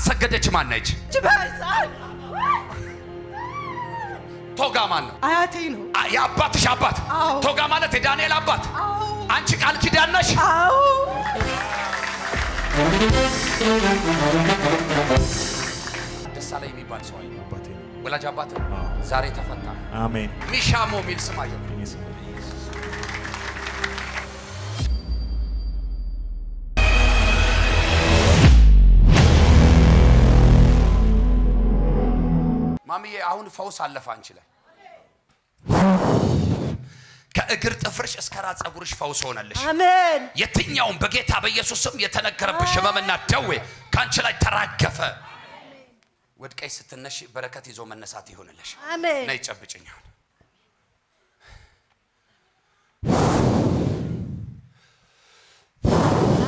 አሰገደች ማነች? ቶጋ ማን ነው? አያቴ ነው። የአባትሽ አባት ቶጋ ማለት የዳንኤል አባት። አንቺ ቃል ኪዳን ነሽ። ደሳለኝ የሚባል ሰው ወላጅ አባት ዛሬ ተፈታ። አሜን። ሚሻሞ የሚል ስም አሁን ፈውስ አለፈ አንቺ ላይ ከእግር ጥፍርሽ እስከ ራስ ጸጉርሽ ፈውስ ሆነልሽ። አሜን። የትኛውም በጌታ በኢየሱስ ስም የተነገረብሽ ህመምና ደዌ ከአንቺ ላይ ተራገፈ። ወድቀሽ ስትነሽ በረከት ይዞ መነሳት ይሆንልሽ። አሜን። ነይ ጨብጭኝ።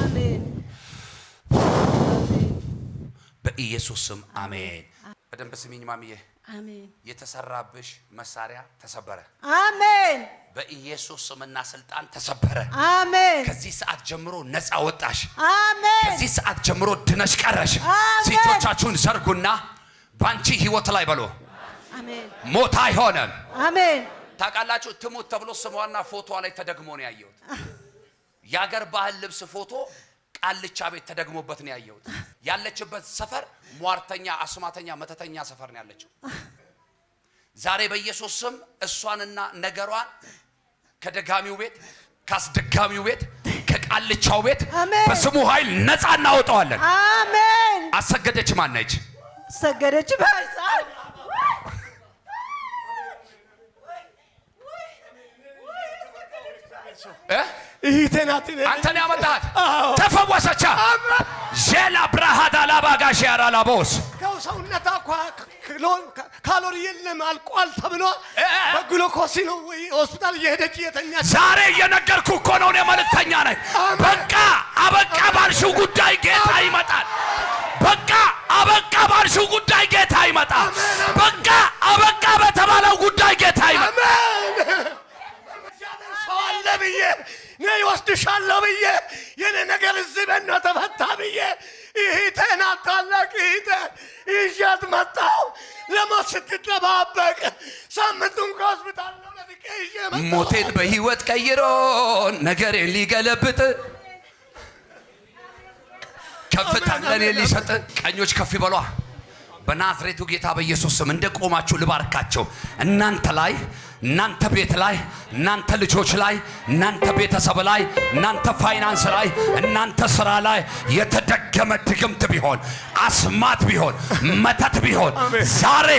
አሜን። በኢየሱስ ስም አሜን። በደንብ ስሚኝ ማሚዬ የተሰራብሽ መሳሪያ ተሰበረ። አሜን። በኢየሱስ ስምና ስልጣን ተሰበረ። አሜን። ከዚህ ሰዓት ጀምሮ ነፃ ወጣሽ። አሜን። ከዚህ ሰዓት ጀምሮ ድነሽ ቀረሽ። ሴቶቻችሁን ዘርጉና ባንቺ ህይወት ላይ በሎ ሞት አይሆንም። አሜን። ታውቃላችሁ ትሙት ተብሎ ስሟና ፎቶዋ ላይ ተደግሞ ነው ያየሁት። የአገር ባህል ልብስ ፎቶ ቃልቻ ቤት ተደግሞበት ነው ያየሁት። ያለችበት ሰፈር ሟርተኛ፣ አስማተኛ፣ መተተኛ ሰፈር ነው ያለችው። ዛሬ በኢየሱስ ስም እሷንና ነገሯን ከደጋሚው ቤት ካስደጋሚው ቤት ከቃልቻው ቤት በስሙ ኃይል ነፃ እናወጣዋለን። አሜን። አሰገደች ማነች? አሰገደች ባይሳል እ አንተን ያመጣት ተፈወሰቻ ዜላ ብርሃዳ ላባጋሽ ያራላቦስ ሰውነቷ ካሎሪ የለም አልቋል ተብሎ በግሉኮስ ነው ሆስፒታል እየሄደች እየተኛች። ዛሬ እየነገርኩ እኮ ነው ነኝ። በቃ አበቃ ባልሽው ጉዳይ ጌታ ይመጣል። በቃ አበቃ ባልሽው ጉዳይ ጌታ ይመጣል። በቃ አበቃ በተባለው ጉዳይ ጌታ ነይ ወስድሻለሁ ብዬ የኔ ነገር እዚህ በኖ ተፈታ ብዬ ይህቴን አታላቅ ይህቴ ይዣት መጣሁ። ለሞት ስትጠባበቅ ሳምንቱን ከሆስፒታል ነው ለድቄ ይዤ መጣሁ። ሞቴን በህይወት ቀይሮ ነገሬን ሊገለብጥ ከፍታ ለኔ ሊሰጥ ቀኞች ከፍ ይበሏ። በናዝሬቱ ጌታ በኢየሱስ ስም እንደ ቆማችሁ ልባርካቸው እናንተ ላይ እናንተ ቤት ላይ፣ እናንተ ልጆች ላይ፣ እናንተ ቤተሰብ ላይ፣ እናንተ ፋይናንስ ላይ፣ እናንተ ስራ ላይ የተደገመ ድግምት ቢሆን፣ አስማት ቢሆን፣ መተት ቢሆን ዛሬ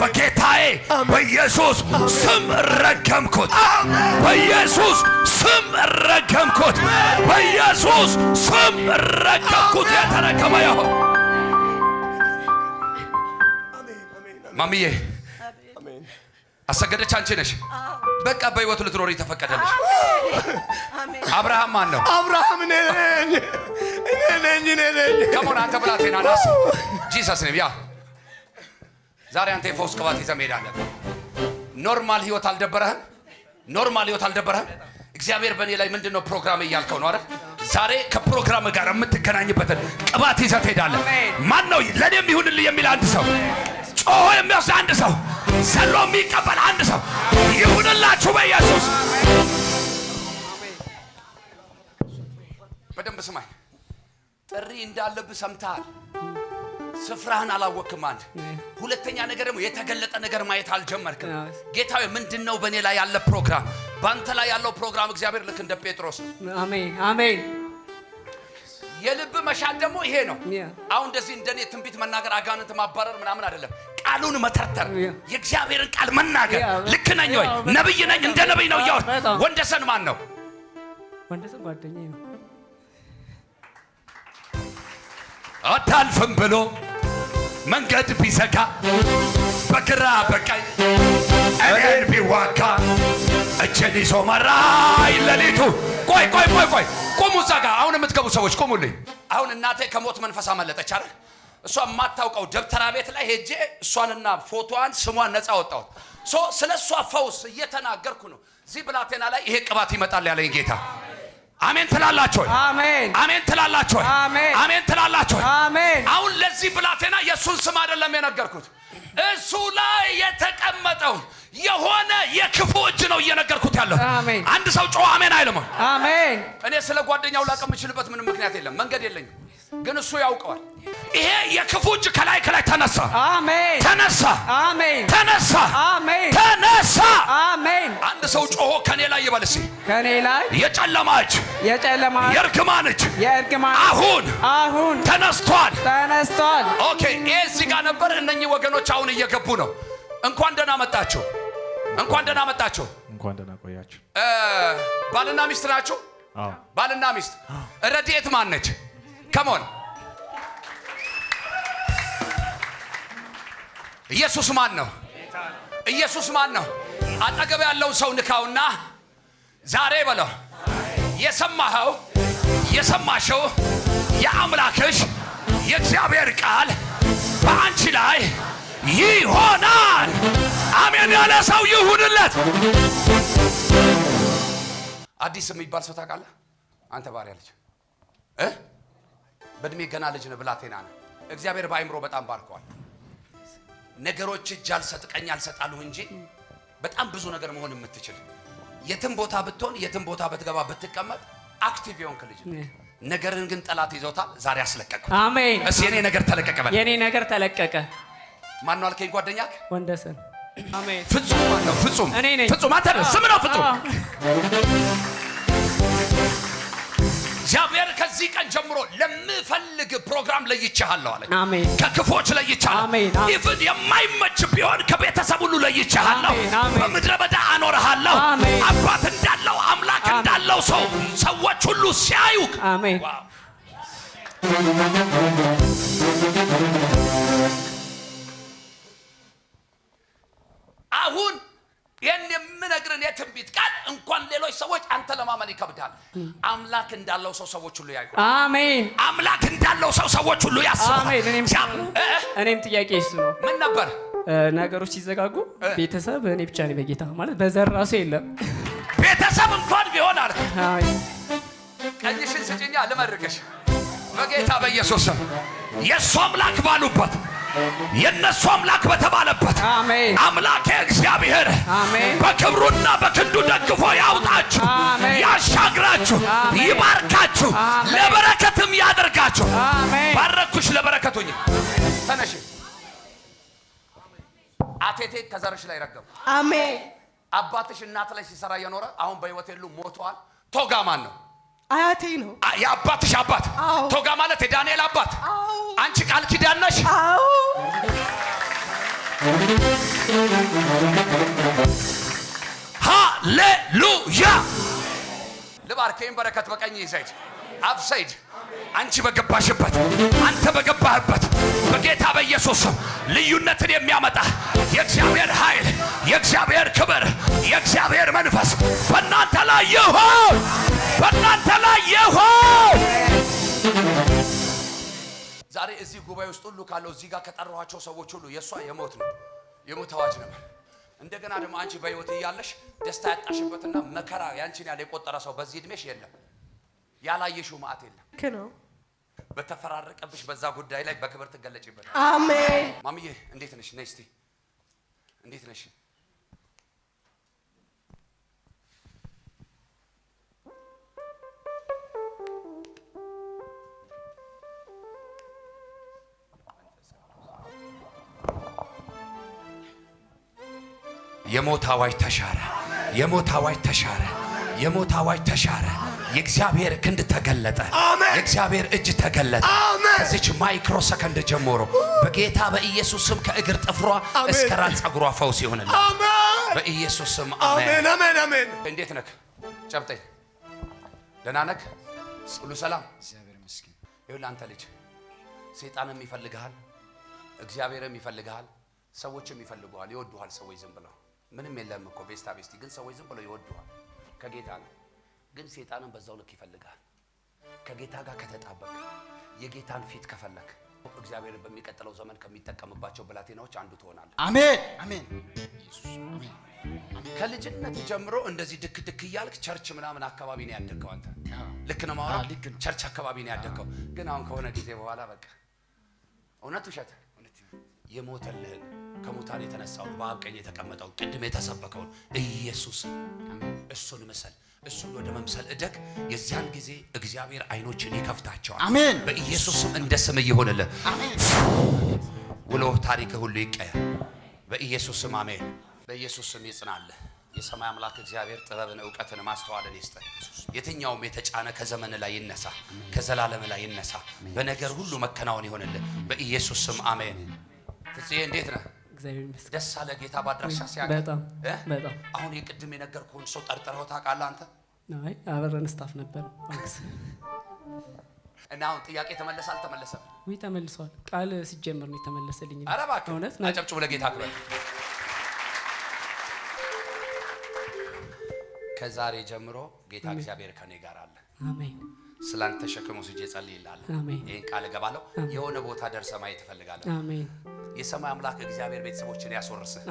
በጌታዬ በኢየሱስ ስም ረገምኩት። በኢየሱስ ስም ረገምኩት። በኢየሱስ ስም ረገምኩት። የተረገመ ይሁን። ማሚዬ አሰገደች። አንቺ ነሽ በቃ በህይወቱ ልትኖር ተፈቀደልሽ። አብርሃም ማን ነው? አብርሃም እኔ ነኝ፣ እኔ ነኝ፣ እኔ ነኝ። ከሞን አንተ ብላቴና ናስ ጂሰስ ኔም ያ ዛሬ አንተ የፈውስ ቅባት ይዘህ መሄድ ኖርማል ህይወት አልደበረህም። ኖርማል ህይወት አልደበረህም። እግዚአብሔር በእኔ ላይ ምንድን ነው ፕሮግራም እያልከው ነው አይደል? ዛሬ ከፕሮግራም ጋር የምትገናኝበትን ቅባት ይዘህ ትሄዳለህ። ማን ነው ለእኔም ይሁንልህ የሚል አንድ ሰው ጮሆ የሚወስድ አንድ ሰው ዘሎ የሚቀበል አንድ ሰው ይሁንላችሁ በኢየሱስ በደንብ ስማኝ። ጥሪ እንዳለብህ ሰምተሃል። ስፍራህን አላወክም አንድ ሁለተኛ ነገር ደግሞ የተገለጠ ነገር ማየት አልጀመርክም። ጌታዊ ምንድን ነው በእኔ ላይ ያለ ፕሮግራም፣ በአንተ ላይ ያለው ፕሮግራም እግዚአብሔር ልክ እንደ ጴጥሮስ አሜን አሜን የልብ መሻት ደግሞ ይሄ ነው። አሁን እንደዚህ እንደኔ ትንቢት መናገር አጋንንት ማባረር ምናምን አይደለም። ቃሉን መተርተር የእግዚአብሔርን ቃል መናገር። ልክ ነኝ ወይ ነብይ ነኝ? እንደ ነብይ ነው እያወር ወንደሰን ማን ነው? ወንደሰን ጓደኛዬ ነው። አታልፍም ብሎ መንገድ ቢዘጋ በግራ በቀኝ እኔን ቢዋጋ እችን ይዞ መራኝ ሌሊቱ። ቆይ ቆይ ቆይ ቆይ፣ ቁሙ እዛ ጋር አሁን የምትገቡ ሰዎች ቁሙልኝ። አሁን እናቴ ከሞት መንፈስ አመለጠች አይደል? እሷ የማታውቀው ደብተራ ቤት ላይ ሄጄ እሷንና ፎቶዋን ስሟን ነፃ ወጣሁት። ሶ ስለ እሷ ፈውስ እየተናገርኩ ነው። እዚህ ብላቴና ላይ ይሄ ቅባት ይመጣል ያለኝ ጌታ አሜን ትላላችሁ? አሜን አሜን ትላላችሁ? አሜን አሜን ትላላችሁ? አሜን። አሁን ለዚህ ብላቴና የእሱን ስም አይደለም የነገርኩት እሱ ላይ የተቀመጠው የሆነ የክፉ እጅ ነው እየነገርኩት ያለሁ አንድ ሰው ጮ አሜን አይልም። አሜን። እኔ ስለ ጓደኛው ላቀ የምችልበት ምንም ምክንያት የለም፣ መንገድ የለኝም፣ ግን እሱ ያውቀዋል። ይሄ የክፉ እጅ ከላይ ከላይ ተነሳ፣ ተነሳ፣ ተነሳ፣ ተነሳ ተነሳ ተነሳ አሜን። ተነሳ። አሜን። አንድ ሰው ጮሆ ከኔ ላይ ይበል እስኪ። ከኔ ላይ የጨለማ አሁን አሁን ተነስቷል፣ ተነስቷል። ኦኬ፣ ይሄ እዚህ ጋር ነበር። እነኚህ ወገኖች አሁን እየገቡ ነው። እንኳን ደህና መጣችሁ፣ እንኳን ደህና መጣችሁ፣ እንኳን ደህና ቆያችሁ። ባልና ሚስት ናችሁ። ባልና ሚስት። ረድኤት ማን ነች? ከሞን ኢየሱስ ማን ነው? ኢየሱስ ማን ነው? አጠገብ ያለው ሰው ንካውና ዛሬ በለው የሰማኸው የሰማሽው የአምላክሽ የእግዚአብሔር ቃል በአንቺ ላይ ይሆናል። አሜን ያለ ሰው ይሁንለት። አዲስ የሚባል ሰው ታውቃለህ? አንተ ባሪያ ልጅ እ በእድሜ ገና ልጅ ነህ፣ ብላቴና ነህ። እግዚአብሔር በአይምሮ በጣም ባርከዋል። ነገሮች እጅ አልሰጥቀኝ አልሰጣሉህ እንጂ በጣም ብዙ ነገር መሆን የምትችል የትም ቦታ ብትሆን የትም ቦታ በትገባ ብትቀመጥ አክቲቭ የሆንክ ልጅ ነገርን ግን ጠላት ይዞታል። ዛሬ አስለቀቁ። አሜን። እሺ የኔ ነገር ተለቀቀ በል። የኔ ነገር ተለቀቀ። ማን ነው አልከኝ? ጓደኛክ ወንደሰን። አሜን። ፍጹም ማን ነው? ፍጹም እኔ ነኝ። ፍጹም አንተ ነህ። ስም ነው ፍጹም እግዚአብሔር ከዚህ ቀን ጀምሮ ለምፈልግ ፕሮግራም ለይቻለሁ አለ። ከክፎች ለይቻለሁ። ኢቭን የማይመች ቢሆን ከቤተሰብ ሁሉ ለይቻለሁ። በምድረ በዳ አኖርሃለሁ። አባት እንዳለው አምላክ እንዳለው ሰው ሰዎች ሁሉ ሲያዩ አሜን የምነግርን የትንቢት ቃል እንኳን ሌሎች ሰዎች አንተ ለማመን ይከብዳል። አምላክ እንዳለው ሰው ሰዎች ሁሉ ያዩ። አሜን። አምላክ እንዳለው ሰው ሰዎች ሁሉ ያስባል። እኔም ጥያቄ እሱ ነው። ምን ነበር ነገሮች ሲዘጋጉ ቤተሰብ እኔ ብቻ ነኝ በጌታ ማለት በዘር ራሱ የለም ቤተሰብ እንኳን ቢሆን አለ። ቀኝሽን ስጭኛ ልመርቅሽ በጌታ በኢየሱስ ስም የእሱ አምላክ ባሉበት የእነሱ አምላክ በተባለበት አምላክ እግዚአብሔር በክብሩና በክንዱ ደግፎ ያውጣችሁ፣ ያሻግራችሁ፣ ይባርካችሁ፣ ለበረከትም ያደርጋችሁ። ባረኩሽ። ለበረከቱኝ ተነሽ። አቴቴ ከዘርሽ ላይ ረገሙ። አሜን። አባትሽ እናት ላይ ሲሰራ የኖረ አሁን በህይወት የሉ ሞተዋል። ቶጋማን ነው? አያቴ ነው። የአባትሽ አባት ቶጋ ማለት የዳንኤል አባት። አንቺ ቃል ኪዳን ነሽ። ሃሌሉያ ልባርከኝ። በረከት በቀኝ ይዘድ አብሰይድ አንቺ በገባሽበት አንተ በገባህበት በጌታ በኢየሱስ ልዩነትን የሚያመጣ የእግዚአብሔር ኃይል፣ የእግዚአብሔር ክብር፣ የእግዚአብሔር መንፈስ በእናንተ ላይ ይሁን። በእናንተ ላይ ይሁን። ዛሬ እዚህ ጉባኤ ውስጥ ሁሉ ካለው እዚህ ጋር ከጠራኋቸው ሰዎች ሁሉ የእሷ የሞት ነው የሞት አዋጅ ነበር። እንደገና ደግሞ አንቺ በህይወት እያለሽ ደስታ ያጣሽበትና መከራ ያንቺን ያለ የቆጠረ ሰው በዚህ እድሜሽ የለም። ያላየሽው መዓት የለም። በተፈራረቀብሽ በዛ ጉዳይ ላይ በክብር ትገለጭበት። አሜን። ማምዬ እንዴት ነሽ? ነይ እስቲ እንዴት ነሽ? የሞት አዋጅ ተሻረ። የሞት አዋጅ ተሻረ። የሞት አዋጅ ተሻረ። የእግዚአብሔር ክንድ ተገለጠ። የእግዚአብሔር እጅ ተገለጠ። ከዚች ማይክሮ ሰከንድ ጀምሮ በጌታ በኢየሱስ ስም ከእግር ጥፍሯ እስከ ራስ ጸጉሯ ፈውስ ይሆንልህ በኢየሱስ ስም አሜን፣ አሜን፣ አሜን። እንዴት ነክ ጨብጠኝ። ደህና ነክ? ሁሉ ሰላም? እግዚአብሔር ይመስገን። ይሁን አንተ ልጅ ሰይጣንም ይፈልግሃል፣ እግዚአብሔርም ይፈልግሃል፣ ሰዎችም ይፈልጉሃል፣ ይወዱሃል ሰዎች ዝም ብለው ምንም የለም እኮ ቤስታ ቤስቲ፣ ግን ሰዎች ዝም ብለው ይወዱሃል። ከጌታ ነው፣ ግን ሴጣንን በዛው ልክ ይፈልጋል። ከጌታ ጋር ከተጣበቅ፣ የጌታን ፊት ከፈለክ እግዚአብሔር በሚቀጥለው ዘመን ከሚጠቀምባቸው ብላቴናዎች አንዱ ትሆናለህ። አሜን አሜን። ከልጅነት ጀምሮ እንደዚህ ድክ ድክ እያልክ ቸርች ምናምን አካባቢ ነው ያደግከው አንተ። ልክ ነው ማውራት፣ ቸርች አካባቢ ነው ያደግከው። ግን አሁን ከሆነ ጊዜ በኋላ በቃ እውነት ውሸት የሞተልህን ከሙታን የተነሳውን በአብ ቀኝ የተቀመጠውን ቅድም የተሰበከውን ኢየሱስን እሱን ምሰል፣ እሱን ወደ መምሰል እደግ። የዚያን ጊዜ እግዚአብሔር አይኖችን ይከፍታቸዋል። አሜን። በኢየሱስም እንደ ስም እየሆነልህ ውሎ ታሪክ ሁሉ ይቀየር። በኢየሱስም አሜን። በኢየሱስም ይጽናልህ። የሰማይ አምላክ እግዚአብሔር ጥበብን እውቀትን ማስተዋልን ይስጥ። የትኛውም የተጫነ ከዘመን ላይ ይነሳ፣ ከዘላለም ላይ ይነሳ። በነገር ሁሉ መከናወን ይሆንልን። በኢየሱስም አሜን። ፍጽዬ እንዴት ነህ? ደስ አለ ጌታ ባድራሻ ሲያገኝ። በጣም በጣም አሁን የቅድም የነገርኩህን ሰው ጠርጥረኸው ታውቃለህ አንተ? አይ አበረን ስታፍ ነበር። እና አሁን ጥያቄ ተመለሰ አልተመለሰም? ውይ ተመልሷል። ቃል ሲጀምር ነው የተመለሰልኝ። ኧረ እባክህ እውነት አጨብጭቡ ለጌታ ክብር። ከዛሬ ጀምሮ ጌታ እግዚአብሔር ከኔ ጋር አለ። አሜን። ስላንተ ተሸክሙ ስጄ ጸልይልሃለሁ። ይህን ቃል እገባለሁ። የሆነ ቦታ ደርሰ ማየት እፈልጋለሁ። የሰማይ አምላክ እግዚአብሔር ቤተሰቦችን ያስወርስህ።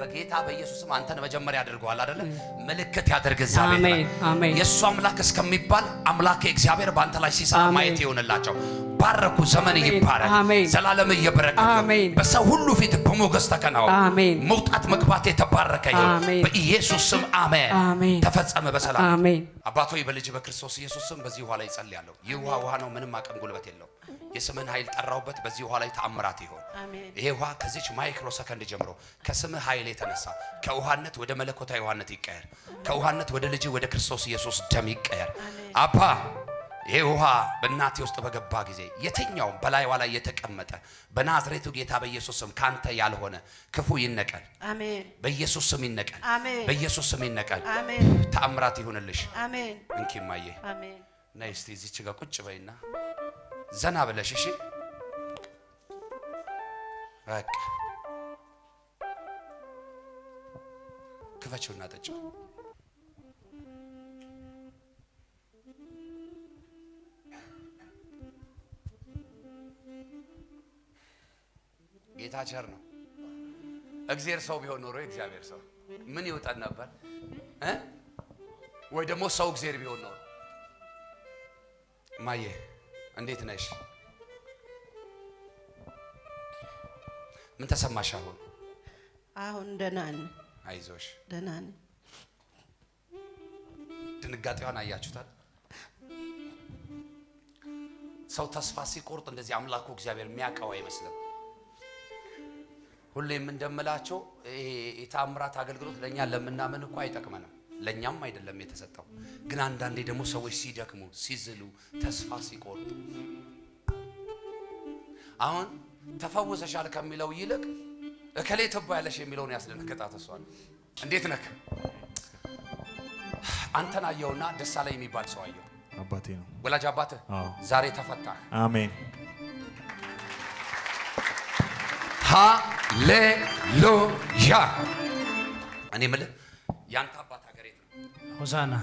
በጌታ በኢየሱስም አንተን መጀመሪያ ያደርገዋል አይደለ? ምልክት ያደርግ እዛ አሜን። ላይ የእሱ አምላክ እስከሚባል አምላክ እግዚአብሔር በአንተ ላይ ሲሰራ ማየት ይሆንላቸው። ባረኩ። ዘመን ይባረክ። ዘላለም እየበረከ በሰው ሁሉ ፊት በሞገስ ተከናወን። መውጣት መግባት የተባረከ በኢየሱስ ስም አሜን። ተፈጸመ በሰላም አባቶ በልጅ በክርስቶስ ኢየሱስ ስም በዚህ ውሃ ላይ ጸልያለሁ። ይህ ውሃ ውሃ ነው፣ ምንም አቅም ጉልበት የለው። የስምን ኃይል ጠራውበት። በዚህ ውሃ ላይ ተአምራት ይሆን። ይሄ ውሃ ከዚች ማይክሮ ሰከንድ ጀምሮ ከስምህ ኃይል የተነሳ ከውሃነት ወደ መለኮታዊ ውሃነት ይቀየር። ከውሃነት ወደ ልጅ ወደ ክርስቶስ ኢየሱስ ደም ይቀየር አባ ይሄ ውሃ በእናቴ ውስጥ በገባ ጊዜ የትኛውም በላይዋ ላይ የተቀመጠ በናዝሬቱ ጌታ በኢየሱስ ስም ካንተ ያልሆነ ክፉ ይነቀል። አሜን። በኢየሱስ ስም ይነቀል። አሜን። በኢየሱስ ስም ይነቀል። አሜን። ተአምራት ይሁንልሽ። አሜን። እንኪ እማዬ፣ አሜን። ነይ እስቲ እዚች ጋር ቁጭ በይና ዘና ብለሽ እሺ። በቃ ክፈችውና ጠጪው። ጌታ ቸር ነው። እግዚአብሔር ሰው ቢሆን ኖሮ እግዚአብሔር ሰው ምን ይውጠን ነበር? ወይ ደግሞ ሰው እግዚአብሔር ቢሆን ኖሮ። ማየ እንዴት ነሽ? ምን ተሰማሽ አሁን? አሁን ደህና ነኝ። አይዞሽ። ደህና ነኝ። ድንጋጤዋን አያችሁታል? ሰው ተስፋ ሲቆርጥ እንደዚህ አምላኩ እግዚአብሔር የሚያውቀው አይመስልም። ሁሌም እንደምላቸው የታምራት አገልግሎት ለእኛ ለምናምን እኮ አይጠቅመንም፣ ለእኛም አይደለም የተሰጠው። ግን አንዳንዴ ደግሞ ሰዎች ሲደክሙ፣ ሲዝሉ፣ ተስፋ ሲቆርጡ አሁን ተፈውሰሻል ከሚለው ይልቅ እከሌ ትባያለሽ የሚለውን ያስደነገጣት እሷን። እንዴት ነክ አንተን አየውና ደሳለኝ የሚባል ሰው አየው። አባቴ ነው ወላጅ አባትህ። ዛሬ ተፈታ። አሜን ሃሌሉያ። እኔ የምልህ ያንተ አባት ሀገር የት ነው? ሆሳና።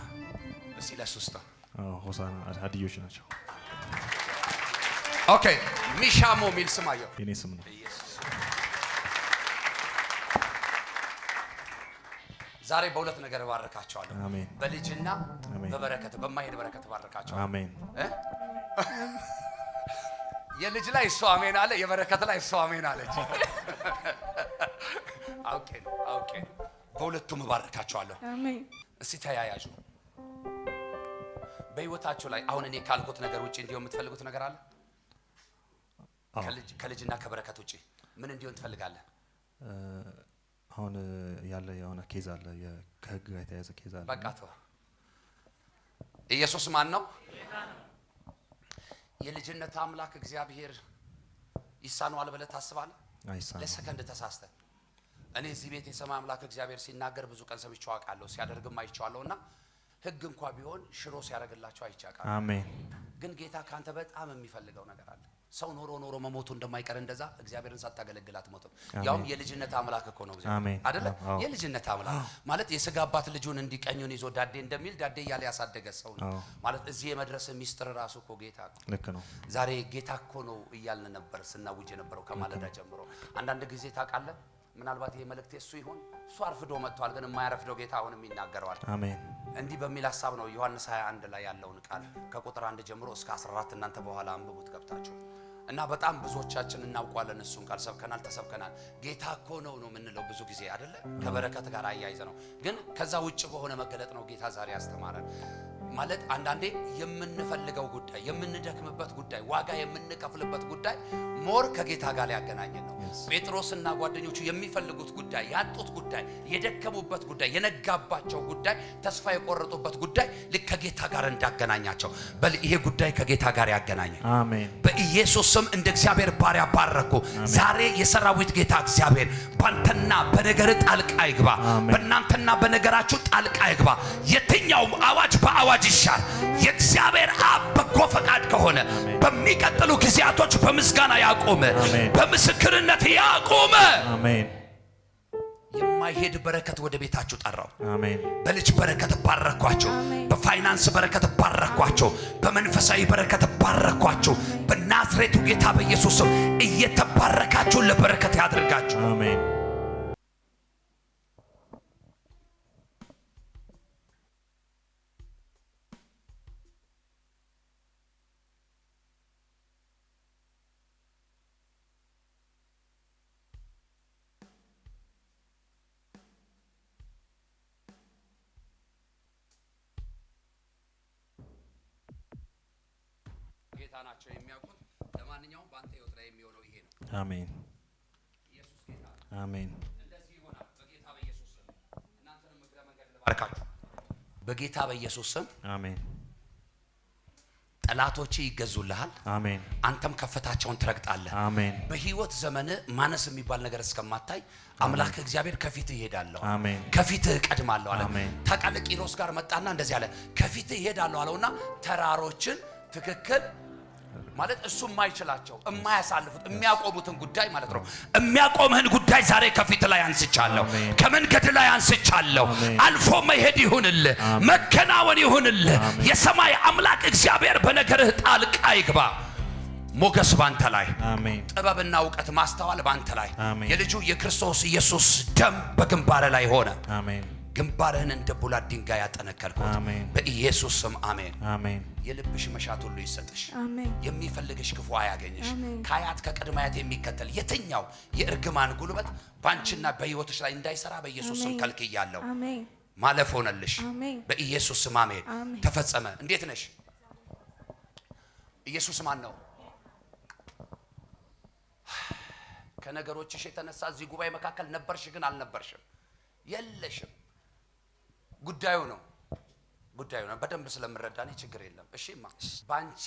እስኪ ለሱ ሆሳና ሀዲዮች ናቸው። ኦኬ ሚሻሞ የሚል ስም አየሁ። የእኔ ስም ነው። ዛሬ በሁለት ነገር እባርካቸዋለሁ። በልጅና በበረከት በማይሄድ በረከት እባርካቸዋለሁ። አሜን። የልጅ ላይ እሷ አሜን አለ። የበረከት ላይ እሷ አሜን አለች። አውቄ ነው አውቄ ነው። በሁለቱም እባርካቸዋለሁ። እስቲ በህይወታቸው ላይ አሁን እኔ ካልኩት ነገር ውጭ እንዲሆን የምትፈልጉት ነገር አለ? ከልጅና ከበረከት ውጭ ምን እንዲሆን ትፈልጋለህ? አሁን ያለ የሆነ ኬዝ አለ፣ ከህግ ጋር የተያያዘ ኬዝ አለ። በቃ ተው። ኢየሱስ ማን ነው? የልጅነት አምላክ እግዚአብሔር ይሳነዋል ብለህ ታስባለህ? ለሰከንድ ተሳስተ እኔ እዚህ ቤት የሰማይ አምላክ እግዚአብሔር ሲናገር ብዙ ቀን ሰምቼ አውቃለሁ፣ ሲያደርግም አይቼዋለሁ እና ህግ እንኳ ቢሆን ሽሮ ሲያደርግላቸው አይቼ አውቃለሁ። ግን ጌታ ካንተ በጣም የሚፈልገው ነገር አለ። ሰው ኖሮ ኖሮ መሞቱ እንደማይቀር እንደዛ እግዚአብሔርን ሳታገለግል አትሞትም። ያውም የልጅነት አምላክ እኮ ነው አይደለ? የልጅነት አምላክ ማለት የስጋ አባት ልጁን እንዲቀኙን ይዞ ዳዴ እንደሚል ዳዴ እያለ ያሳደገ ሰው ነው ማለት። እዚህ የመድረስ ሚስጥር ራሱ እኮ ጌታ ልክ ነው። ዛሬ ጌታ እኮ ነው እያልን ነበር ስናውጅ የነበረው ከማለዳ ጀምሮ። አንዳንድ ጊዜ ታውቃለህ፣ ምናልባት ይሄ መልእክት እሱ ይሆን እሱ አርፍዶ መጥቷል፣ ግን የማያረፍደው ጌታ አሁንም ይናገረዋል። እንዲህ በሚል ሀሳብ ነው ዮሐንስ 21 ላይ ያለውን ቃል ከቁጥር አንድ ጀምሮ እስከ 14 እናንተ በኋላ አንብቡት ገብታችሁ እና በጣም ብዙዎቻችን እናውቋለን። እሱን ቃል ሰብከናል፣ ተሰብከናል። ጌታ እኮ ነው ነው የምንለው ብዙ ጊዜ አይደለ? ከበረከት ጋር አያይዘ ነው። ግን ከዛ ውጭ በሆነ መገለጥ ነው ጌታ ዛሬ ያስተማረን። ማለት አንዳንዴ የምንፈልገው ጉዳይ የምንደክምበት ጉዳይ ዋጋ የምንከፍልበት ጉዳይ ሞር ከጌታ ጋር ሊያገናኘን ነው። ጴጥሮስና ጓደኞቹ የሚፈልጉት ጉዳይ፣ ያጡት ጉዳይ፣ የደከሙበት ጉዳይ፣ የነጋባቸው ጉዳይ፣ ተስፋ የቆረጡበት ጉዳይ ልክ ከጌታ ጋር እንዳገናኛቸው በል ይሄ ጉዳይ ከጌታ ጋር ያገናኘ። በኢየሱስ ስም እንደ እግዚአብሔር ባሪያ ባረኩ። ዛሬ የሰራዊት ጌታ እግዚአብሔር ባንተና በነገር ጣልቃ ይግባ፣ በእናንተና በነገራችሁ ጣልቃ ይግባ። የትኛውም አዋጅ በአዋጅ ወዳጅ ይሻል። የእግዚአብሔር አብ በጎ ፈቃድ ከሆነ በሚቀጥሉ ጊዜያቶች በምስጋና ያቁመ፣ በምስክርነት ያቁመ። የማይሄድ በረከት ወደ ቤታችሁ ጠራው። በልጅ በረከት ባረኳቸው፣ በፋይናንስ በረከት ባረኳቸው፣ በመንፈሳዊ በረከት ባረኳቸው። በናዝሬቱ ጌታ በኢየሱስም እየተባረካችሁ ለበረከት ያድርጋችሁ። ጌታ ናቸው የሚያውቁት። ለማንኛውም በአንተ ህይወት ላይ የሚሆነው ይሄ ነው። አሜን። ኢየሱስ ጌታ አሜን። እንደዚህ ይሆናል። በጌታ በኢየሱስ ስም እናንተንም እግረ መንገድ ልባርካችሁ። በጌታ በኢየሱስ ስም አሜን። ጠላቶች ይገዙልሃል። አሜን። አንተም ከፍታቸውን ትረግጣለህ። አሜን። በህይወት ዘመን ማነስ የሚባል ነገር እስከማታይ አምላክ እግዚአብሔር ከፊትህ እሄዳለሁ፣ አሜን። ከፊትህ እቀድማለሁ አለ። ታውቃለህ ቂሮስ ጋር መጣና እንደዚህ አለ፣ ከፊትህ አለውና ተራሮችን ትክክል ማለት እሱ የማይችላቸው የማያሳልፉት የሚያቆሙትን ጉዳይ ማለት ነው። የሚያቆምህን ጉዳይ ዛሬ ከፊት ላይ አንስቻለሁ፣ ከመንገድ ላይ አንስቻለሁ። አልፎ መሄድ ይሁንልህ፣ መከናወን ይሁንልህ። የሰማይ አምላክ እግዚአብሔር በነገርህ ጣልቃ ይግባ። ሞገስ ባንተ ላይ፣ ጥበብና እውቀት ማስተዋል ባንተ ላይ፣ የልጁ የክርስቶስ ኢየሱስ ደም በግንባር ላይ ሆነ። ግንባርህን እንደ ቡላት ድንጋይ ያጠነከርከው በኢየሱስ ስም አሜን፣ አሜን። የልብሽ መሻት ሁሉ ይሰጥሽ፣ አሜን። የሚፈልግሽ ክፉ አያገኝሽ። ከአያት ከቅድመ አያት የሚከተል የትኛው የእርግማን ጉልበት ባንቺና በህይወትሽ ላይ እንዳይሰራ በኢየሱስ ስም ከልክያለሁ። ማለፍ ሆነልሽ በኢየሱስ ስም አሜን። ተፈጸመ። እንዴት ነሽ? ኢየሱስ ማን ነው? ከነገሮችሽ የተነሳ እዚህ ጉባኤ መካከል ነበርሽ፣ ግን አልነበርሽም፣ የለሽም ጉዳዩ ነው ጉዳዩ ነው። በደንብ ስለምረዳኔ ችግር የለም። እሺማ በአንቺ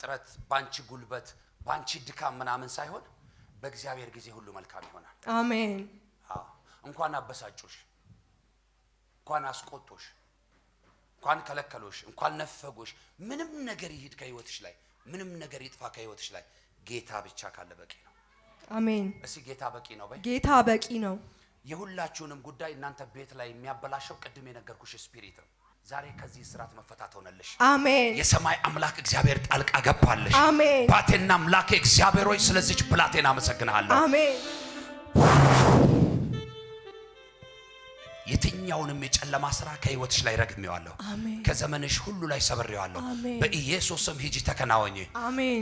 ጥረት፣ በአንቺ ጉልበት፣ በአንቺ ድካም ምናምን ሳይሆን በእግዚአብሔር ጊዜ ሁሉ መልካም ይሆናል። አሜን። እንኳን አበሳጮሽ፣ እንኳን አስቆጦሽ፣ እንኳን ከለከሎሽ፣ እንኳን ነፈጎሽ፣ ምንም ነገር ይሂድ ከህይወትሽ ላይ፣ ምንም ነገር ይጥፋ ከህይወትሽ ላይ ጌታ ብቻ ካለ በቂ ነው። አሜን። እስኪ ጌታ በቂ ነው በይ። ጌታ በቂ ነው። የሁላችሁንም ጉዳይ እናንተ ቤት ላይ የሚያበላሸው ቅድም የነገርኩሽ ስፒሪት ነው። ዛሬ ከዚህ ስርዓት መፈታት ሆነልሽ። አሜን። የሰማይ አምላክ እግዚአብሔር ጣልቃ ገባልሽ። አሜን። ባቴና አምላኬ እግዚአብሔር ሆይ ስለዚች ብላቴና አመሰግንሃለሁ። አሜን። የትኛውንም የጨለማ ስራ ከህይወትሽ ላይ ረግሜዋለሁ። ከዘመንሽ ሁሉ ላይ ሰብሬዋለሁ። በኢየሱስም ሂጂ ተከናወኝ። አሜን።